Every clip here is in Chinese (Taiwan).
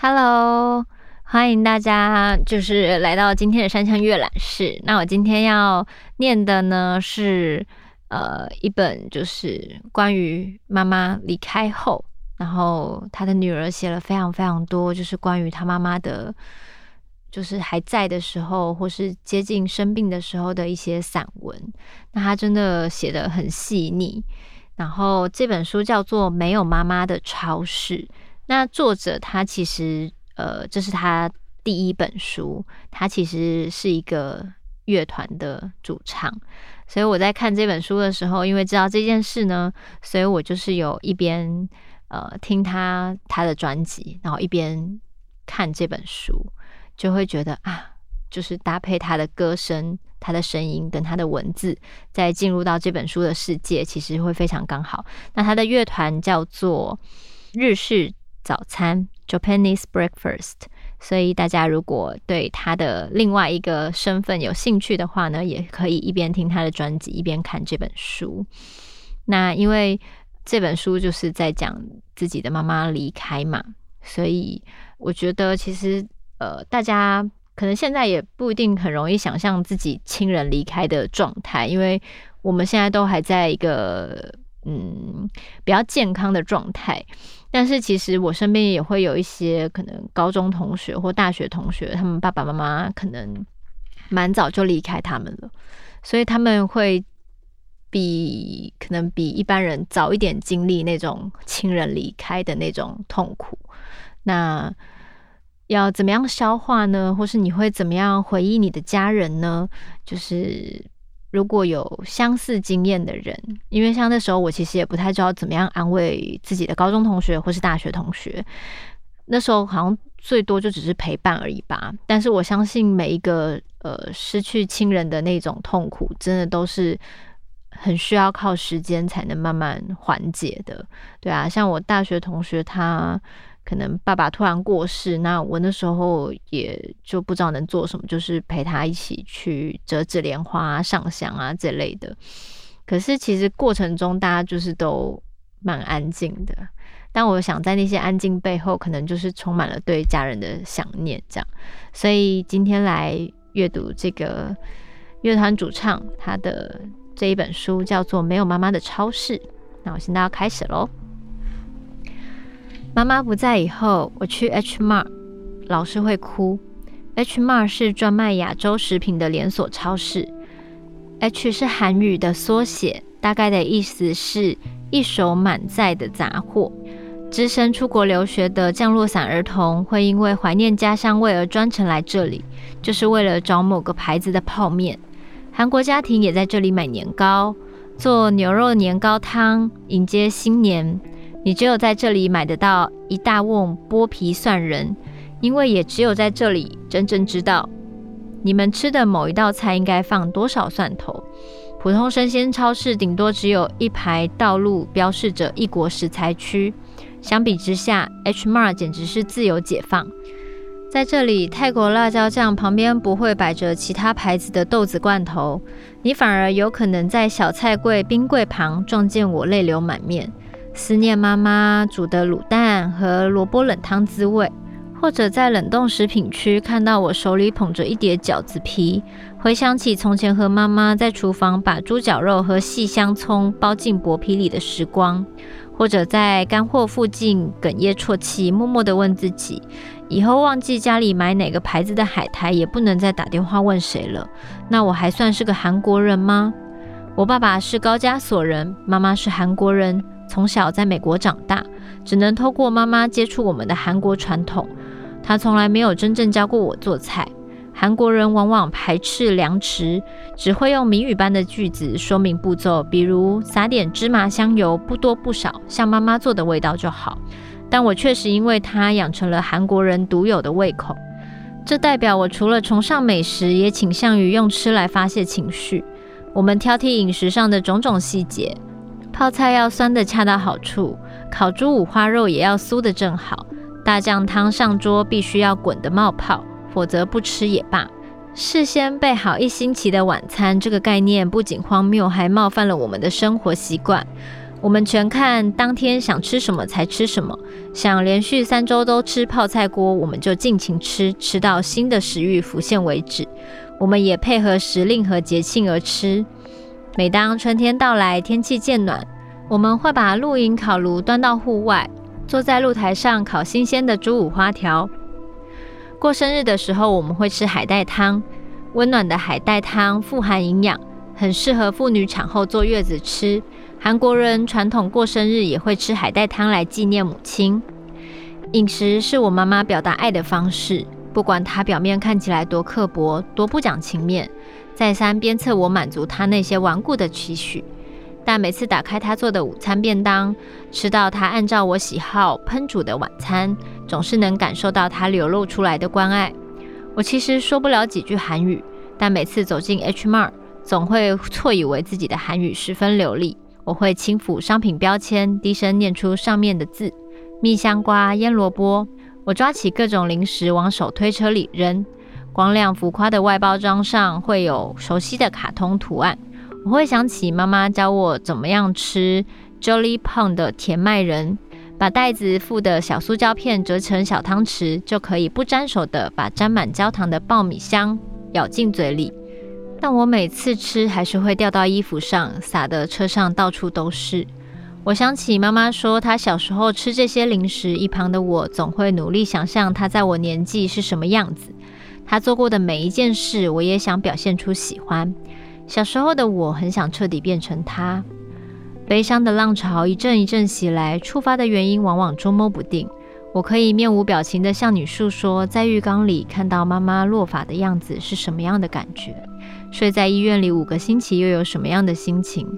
Hello，歡迎大家，就是來到今天的山羌閱覽室。那我今天要念的呢，是呃一本，就是關於媽媽離開後，然後他的女兒寫了非常非常多，就是關於他媽媽的。就是還在的時候，或是接近生病的時候的一些散文。那他真的寫的很細膩。然後這本書叫做《沒有媽媽的超市》。那作者他其實呃，這是他第一本書。他其實是一個樂團的主唱。所以我在看這本書的時候，因為知道這件事呢，所以我就是有一邊呃聽他他的專輯，然後一邊看這本書。就會覺得啊，就是搭配他的歌聲、他的聲音跟他的文字，再進入到這本書的世界，其實會非常剛好。那他的樂團叫做日式早餐 （Japanese Breakfast），所以大家如果對他的另外一個身份有興趣的話呢，也可以一邊聽他的專輯，一邊看這本書。那因為這本書就是在講自己的媽媽離開嘛，所以我覺得其實。呃，大家可能現在也不一定很容易想象自己親人離開的狀態，因為我們現在都還在一個嗯比較健康的狀態。但是其實我身邊也會有一些可能高中同學或大學同學，他們爸爸媽媽可能蠻早就離開他們了，所以他們會比可能比一般人早一點經歷那種親人離開的那種痛苦。那。要怎麼樣消化呢？或是你會怎麼樣回憶你的家人呢？就是如果有相似經驗的人，因為像那時候我其實也不太知道怎麼樣安慰自己的高中同學或是大學同學，那時候好像最多就只是陪伴而已吧。但是我相信每一個呃失去親人的那種痛苦，真的都是很需要靠時間才能慢慢緩解的。對啊，像我大學同學他。可能爸爸突然過世，那我那時候也就不知道能做什麼，就是陪他一起去折紙蓮花啊、上香啊這類的。可是其實過程中大家就是都蠻安靜的，但我想在那些安靜背後，可能就是充滿了對家人的想念。這樣，所以今天來閱讀這個樂團主唱他的這一本書，叫做《沒有媽媽的超市》。那我現在要開始嘍。媽媽不在以後，我去 H Mart，老是會哭。H Mart 是專賣亞洲食品的連鎖超市，H 是韓語的縮寫，大概的意思是一手滿載的雜貨。只身出國留學的降落傘兒童會因為懷念家鄉味而專程來這裡，就是為了找某個牌子的泡麵。韓國家庭也在這裡買年糕，做牛肉年糕湯，迎接新年。你只有在這裡買得到一大甕剝皮蒜仁，因為也只有在這裡真正知道你們吃的某一道菜應該放多少蒜頭。普通生鮮超市頂多只有一排道路標示着異國食材區，相比之下，H Mart 簡直是自由解放。在這裡，泰國辣椒醬旁邊不會擺着其他牌子的豆子罐頭，你反而有可能在小菜櫃冰櫃旁撞見我淚流滿面，思念媽媽煮的滷蛋和蘿蔔冷湯滋味，或者在冷凍食品區看到我手裡捧着一碟餃子皮，回想起從前和媽媽在廚房把豬絞肉和細香蔥包進薄皮裡的時光，或者在乾貨附近哽咽啜泣，默默地問自己：以後忘記家裡買哪個牌子的海苔，也不能再打電話問誰了。那我還算是個韓國人嗎？我爸爸是高加索人，媽媽是韓國人。從小在美國長大，只能透過媽媽接觸我們的韓國傳統。她從來沒有真正教過我做菜。韓國人往往排斥量詞，只會用謎語般的句子說明步驟，比如撒點芝麻香油，不多不少，像媽媽做的味道就好。但我確實因為她養成了韓國人獨有的胃口。這代表我除了崇尚美食，也傾向於用吃來發洩情緒。我們挑剔飲食上的種種細節。泡菜要酸的恰到好處，烤豬五花肉也要酥的正好，大醬湯上桌必須要滾得冒泡，否則不吃也罷。事先備好一星期的晚餐，這個概念不僅荒謬，還冒犯了我們的生活習慣。我們全看當天想吃什麼才吃什麼，想連續三周都吃泡菜鍋，我們就盡情吃，吃到新的食欲浮現為止。我們也配合時令和節慶而吃。每當春天到來，天氣漸暖，我們會把露營烤爐端到戶外，坐在露台上烤新鮮的豬五花條。過生日的時候，我們會吃海帶湯。溫暖的海帶湯富含營養，很適合婦女產後坐月子吃。韓國人傳統過生日也會吃海帶湯來紀念母親。飲食是我媽媽表達愛的方式。不管他表面看起來多刻薄，多不講情面，再三鞭策我滿足他那些頑固的期許，但每次打開他做的午餐便當，吃到他按照我喜好烹煮的晚餐，總是能感受到他流露出來的關愛。我其實說不了幾句韓語，但每次走進 H Mart，總會錯以為自己的韓語十分流利。我會輕撫商品標籤，低聲念出上面的字：蜜香瓜、醃蘿蔔。我抓起各種零食往手推車裡扔，光亮浮誇的外包裝上會有熟悉的卡通圖案，我會想起媽媽教我怎麼樣吃 Jolly Pong 的甜麥仁，把袋子附的小塑膠片折成小湯匙，就可以不沾手的把沾滿焦糖的爆米香咬進嘴裡。但我每次吃還是會掉到衣服上，撒得車上到處都是。我想起媽媽說她小時候吃這些零食，一旁的我總會努力想象她在我年紀是什麼樣子。她做過的每一件事，我也想表現出喜歡。小時候的我很想徹底變成她。悲傷的浪潮一陣一陣襲來，觸發的原因往往捉摸不定。我可以面無表情的向你訴說，在浴缸裡看到媽媽落髮的樣子是什麼樣的感覺，睡在醫院裡五個星期又有什麼樣的心情。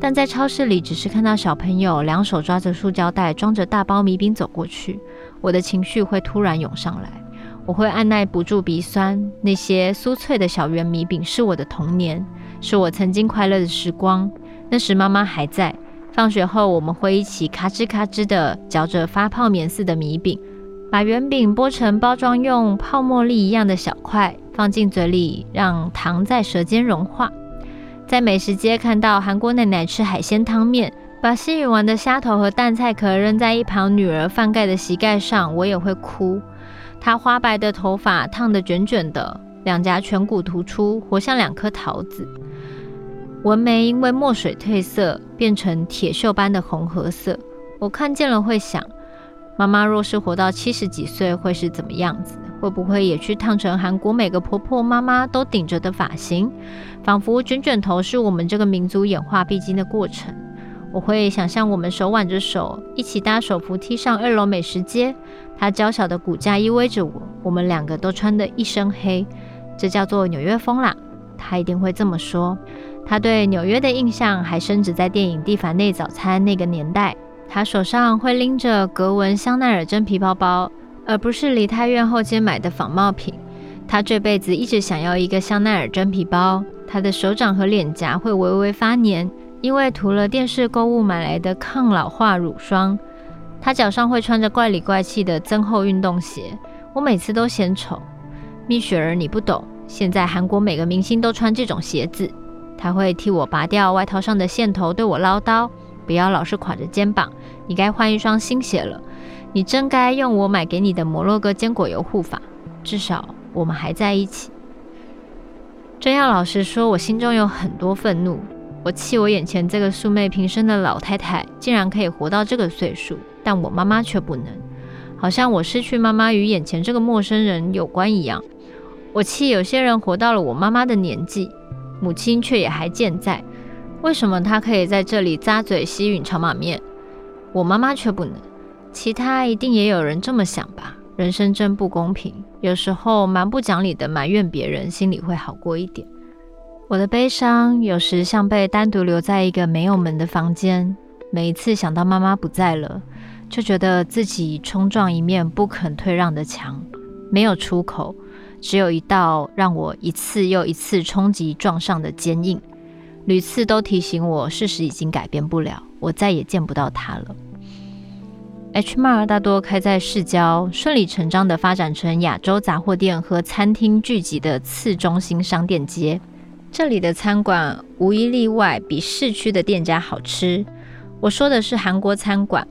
但在超市裡，只是看到小朋友兩手抓着塑膠袋，裝着大包米餅走過去，我的情緒會突然湧上來，我會按捺不住鼻酸。那些酥脆的小圓米餅是我的童年，是我曾經快樂的時光。那時媽媽還在，放學後我們會一起咔吱咔吱地嚼着發泡棉似的米餅，把圓餅剝成包裝用泡沫粒一樣的小塊，放進嘴裡，讓糖在舌尖融化。在美食街看到韓國奶奶吃海鮮湯麵，把吸吮完的蝦頭和淡菜殼扔在一旁女兒翻蓋的膝蓋上，我也會哭。她花白的頭髮燙得捲捲的，兩頰顴骨突出，活像兩顆桃子。紋眉因為墨水褪色，變成鐵鏽般的紅褐色。我看見了會想，媽媽若是活到七十幾歲，會是怎麼樣子？會不會也去燙成韓國每個婆婆媽媽都頂着的髮型？仿佛卷,卷卷頭是我們這個民族演化必經的過程。我會想象我們手挽着手，一起搭手扶梯上二樓美食街。她嬌小的骨架依偎着我，我們兩個都穿得一身黑，這叫做紐約風啦。她一定會這麼說。她對紐約的印象還深植在電影《蒂凡內早餐》那個年代。她手上會拎着格紋香奈兒真皮包包。而不是梨泰院後街買的仿冒品。他這輩子一直想要一個香奈兒真皮包。他的手掌和臉頰會微微發黏，因為塗了電視購物買來的抗老化乳霜。他腳上會穿着怪裡怪氣的增厚運動鞋，我每次都嫌醜。蜜雪兒，你不懂。現在韓國每個明星都穿這種鞋子。他會替我拔掉外套上的線頭，對我嘮叨：“不要老是垮着肩膀，你該換一雙新鞋了。”你真該用我買給你的摩洛哥堅果油護髮，至少我們還在一起。真要老實說，我心中有很多憤怒。我氣我眼前這個素昧平生的老太太竟然可以活到這個歲數，但我媽媽卻不能。好像我失去媽媽與眼前這個陌生人有關一樣。我氣有些人活到了我媽媽的年紀，母親卻也還健在，為什麼她可以在這裡咂嘴吸吮炒碼麵，我媽媽卻不能？其他一定也有人這麼想吧？人生真不公平。有時候蠻不講理的埋怨別人，心裡會好過一點。我的悲傷有時像被單獨留在一個沒有門的房間。每一次想到媽媽不在了，就覺得自己衝撞一面不肯退讓的牆，沒有出口，只有一道讓我一次又一次衝擊撞上的堅硬，屢次都提醒我，事實已經改變不了，我再也見不到她了。H Mart 大多開在市郊，順理成章的發展成亞洲雜貨店和餐廳聚集的次中心商店街。這裡的餐館無一例外比市區的店家好吃。我說的是韓國餐館，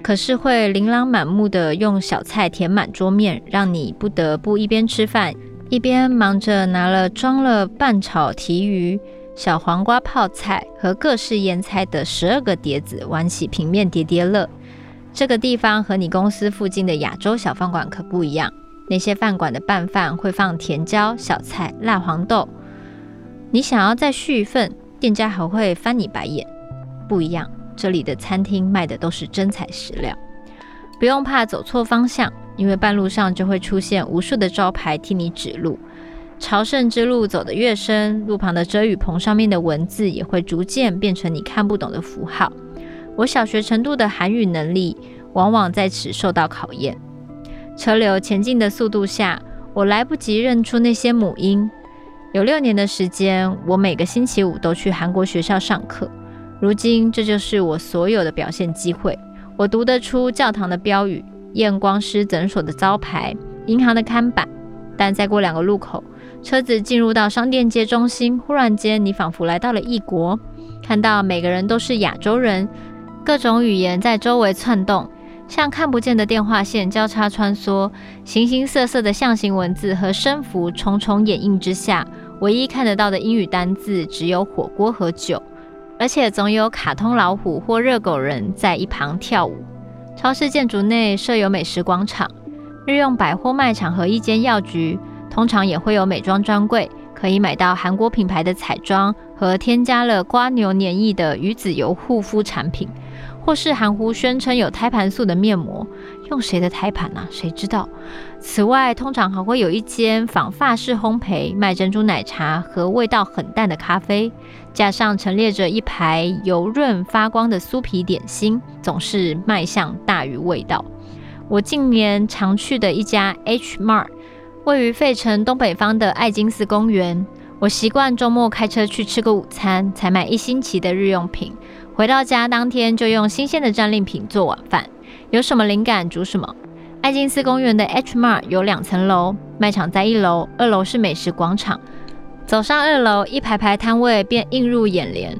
可是會琳琅滿目的用小菜填滿桌面，讓你不得不一邊吃飯，一邊忙着拿了裝了拌炒提魚、小黃瓜泡菜和各式醃菜的十二個碟子玩起平面疊疊樂。這個地方和你公司附近的亞洲小飯館可不一樣。那些飯館的拌飯會放甜椒、小菜、辣黃豆。你想要再續一份，店家還會翻你白眼。不一樣，這裡的餐廳賣的都是真材實料。不用怕走錯方向，因為半路上就會出現無數的招牌替你指路。朝聖之路走得越深，路旁的遮雨棚上面的文字也會逐漸變成你看不懂的符號。我小學程度的韓語能力，往往在此受到考驗。車流前進的速度下，我來不及認出那些母音。有六年的時間，我每個星期五都去韓國學校上課。如今，這就是我所有的表現機會。我讀得出教堂的標語、驗光師診所的招牌、銀行的看板。但再過兩個路口，車子進入到商店街中心，忽然間，你仿佛來到了異國，看到每個人都是亞洲人。各種語言在周圍竄動，像看不見的電話線交叉穿梭，形形色色的象形文字和聲符重重掩映之下，唯一看得到的英語單字只有火鍋和酒，而且總有卡通老虎或熱狗人在一旁跳舞。超市建築內設有美食廣場、日用百貨賣場和一間藥局，通常也會有美妝專櫃，可以買到韓國品牌的彩妝和添加了蝸牛黏液的魚籽油護膚產品。或是含糊宣稱有胎盤素的面膜，用誰的胎盤呢、啊？誰知道。此外，通常還會有一間仿法式烘焙，賣珍珠奶茶和味道很淡的咖啡，加上陳列着一排油潤發光的酥皮點心，總是賣相大於味道。我近年常去的一家 H Mart，位於費城東北方的愛金寺公園。我習慣周末開車去吃個午餐，才買一星期的日用品。回到家當天就用新鮮的戰利品做晚飯，有什麼靈感煮什麼。愛金斯公園的 H Mart 有兩層樓，賣場在一樓，二樓是美食廣場。走上二樓，一排排攤位便映入眼簾，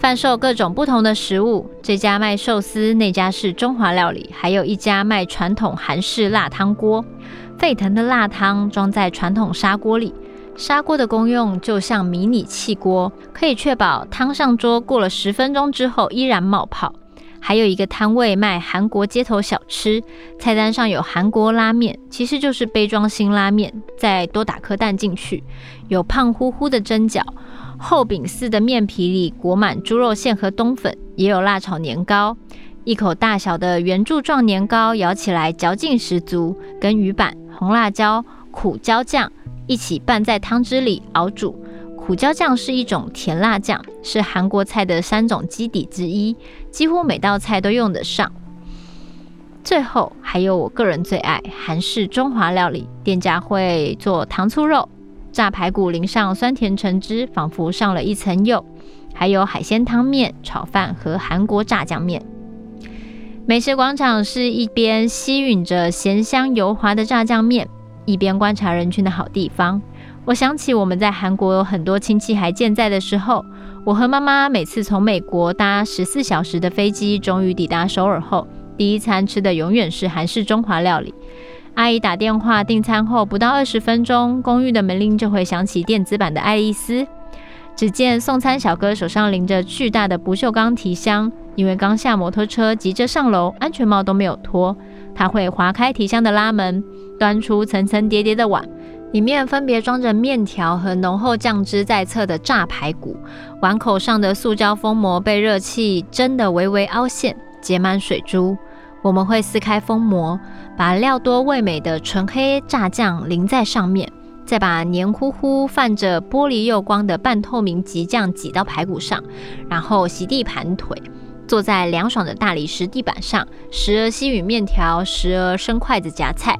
販售各種不同的食物。這家賣壽司，那家是中華料理，還有一家賣傳統韓式辣湯鍋，沸騰的辣湯裝在傳統砂鍋裡。砂鍋的功用就像迷你氣鍋，可以確保湯上桌過了十分鐘之後依然冒泡。還有一個攤位賣韓國街頭小吃，菜單上有韓國拉麵，其實就是杯裝辛拉麵，再多打顆蛋進去。有胖乎乎的蒸餃，厚餅似的麵皮裡裹滿豬肉餡和冬粉，也有辣炒年糕，一口大小的圓柱狀年糕，咬起來嚼勁十足，跟魚板、紅辣椒、苦椒醬。一起拌在湯汁裡熬煮，苦椒醬是一種甜辣醬，是韓國菜的三種基底之一，幾乎每道菜都用得上。最後還有我個人最愛韓式中華料理，店家會做糖醋肉、炸排骨，淋上酸甜橙汁，仿佛上了一層釉。還有海鮮湯麵、炒飯和韓國炸醬麵。美食廣場是一邊吸吮着鹹香油滑的炸醬麵，一邊觀察人群的好地方，我想起我們在韓國有很多親戚還健在的時候，我和媽媽每次從美國搭十四小時的飛機，終於抵達首爾後，第一餐吃的永遠是韓式中華料理。阿姨打電話訂餐後，不到二十分鐘，公寓的門鈴就會響起電子版的愛麗絲。只見送餐小哥手上拎着巨大的不鏽鋼提箱，因為剛下摩托車急着上樓，安全帽都沒有脫。它會劃開提箱的拉門，端出層層疊疊的碗，裡面分別裝着麵條和濃厚醬汁在側的炸排骨。碗口上的塑膠封膜被熱氣蒸得微微凹陷，結滿水珠。我們會撕開封膜，把料多味美的純黑炸醬淋在上面，再把黏糊糊、泛着玻璃釉光的半透明極醬擠到排骨上，然後席地盤腿。坐在涼爽的大理石地板上，時而吸吮麵條，時而伸筷子夾菜。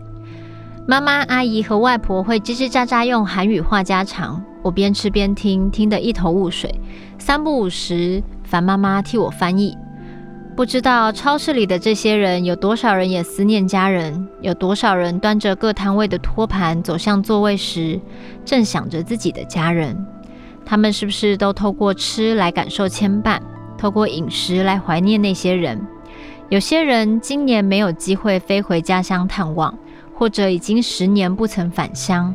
媽媽、阿姨和外婆會嘰嘰喳喳用韓語話家常，我邊吃邊聽，聽得一頭霧水，三不五時煩媽媽替我翻譯。不知道超市裡的這些人有多少人也思念家人，有多少人端着各攤位的托盤走向座位時正想着自己的家人，他們是不是都透過吃來感受牽絆？透過飲食來懷念那些人。有些人今年沒有機會飛回家鄉探望，或者已經十年不曾返鄉。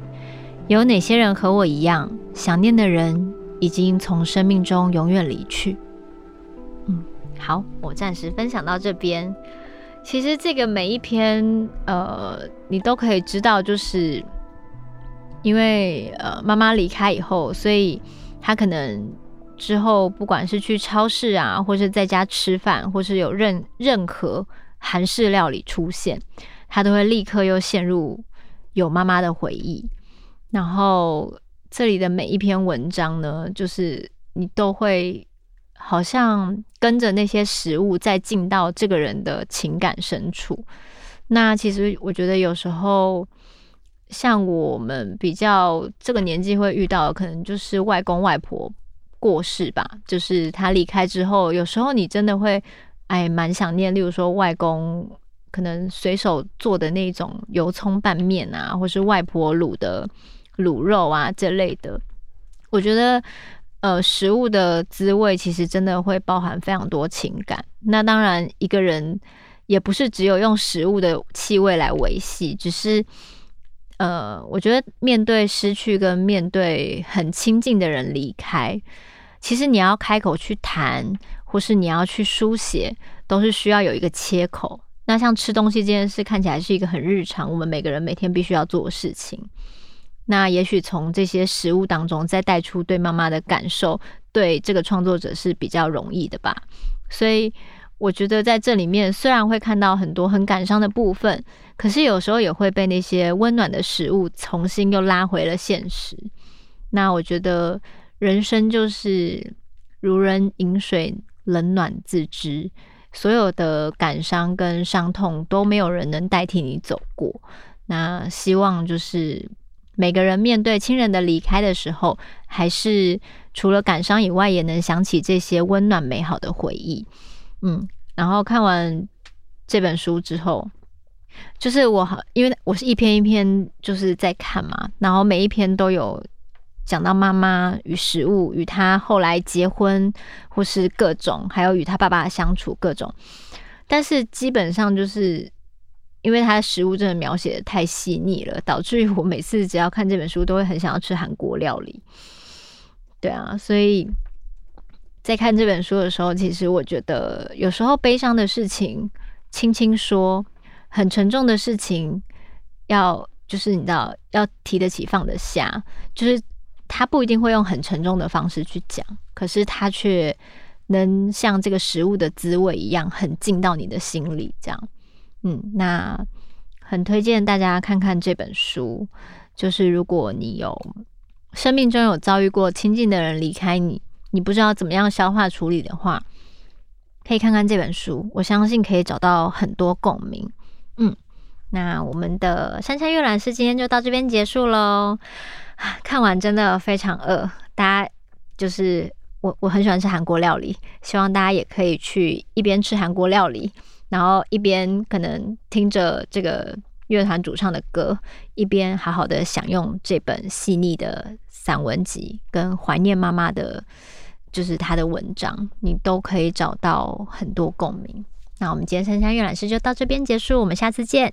有哪些人和我一樣，想念的人已經從生命中永遠離去？嗯，好，我暫時分享到這邊。其實這個每一篇，呃，你都可以知道，就是因為呃媽媽離開以後，所以她可能。之後，不管是去超市啊，或者在家吃飯，或是有任任何韓式料理出現，他都會立刻又陷入有媽媽的回憶。然後這裡的每一篇文章呢，就是你都會好像跟着那些食物再進到這個人的情感深處。那其實我覺得有時候，像我們比較這個年紀會遇到的可能就是外公外婆。過世吧，就是他離開之後，有時候你真的會哎，蠻想念。例如說，外公可能隨手做的那種油蔥拌麵啊，或是外婆滷的滷肉啊這類的。我覺得，呃，食物的滋味其實真的會包含非常多情感。那當然，一個人也不是只有用食物的氣味來維繫，只是。呃，我覺得面對失去跟面對很親近的人離開，其實你要開口去談，或是你要去書寫，都是需要有一個切口。那像吃東西這件事，看起來是一個很日常，我們每個人每天必須要做的事情。那也許從這些食物當中再帶出對媽媽的感受，對這個創作者是比較容易的吧。所以。我覺得在這裡面雖然會看到很多很感傷的部分，可是有時候也會被那些溫暖的食物重新又拉回了現實。那我覺得人生就是如人飲水，冷暖自知。所有的感傷跟傷痛都沒有人能代替你走過。那希望就是每個人面對親人的離開的時候，還是除了感傷以外，也能想起這些溫暖美好的回憶。嗯。然後看完這本書之後，就是我，好，因為我是一篇一篇就是在看嘛，然後每一篇都有講到媽媽與食物，與他後來結婚，或是各種，還有與他爸爸的相處各種。但是基本上就是，因為他的食物真的描寫得太細膩了，導致於我每次只要看這本書，都會很想要吃韓國料理。對啊，所以。在看這本書的時候，其實我覺得有時候悲傷的事情輕輕說，很沉重的事情要就是你知道要提得起放得下，就是他不一定會用很沉重的方式去講，可是他卻能像這個食物的滋味一樣，很進到你的心裡這樣。嗯，那很推薦大家看看這本書，就是如果你有生命中有遭遇過親近的人離開你。你不知道怎麼樣消化處理的話，可以看看這本書，我相信可以找到很多共鳴。嗯，那我們的山羌閱覽室今天就到這邊結束嘍。看完真的非常餓，大家就是我我很喜歡吃韓國料理，希望大家也可以去一邊吃韓國料理，然後一邊可能聽着這個。樂團主唱的歌，一邊好好的享用這本細膩的散文集，跟懷念媽媽的，就是他的文章，你都可以找到很多共鳴。那我們今天山羌閱覽室就到這邊結束，我們下次見。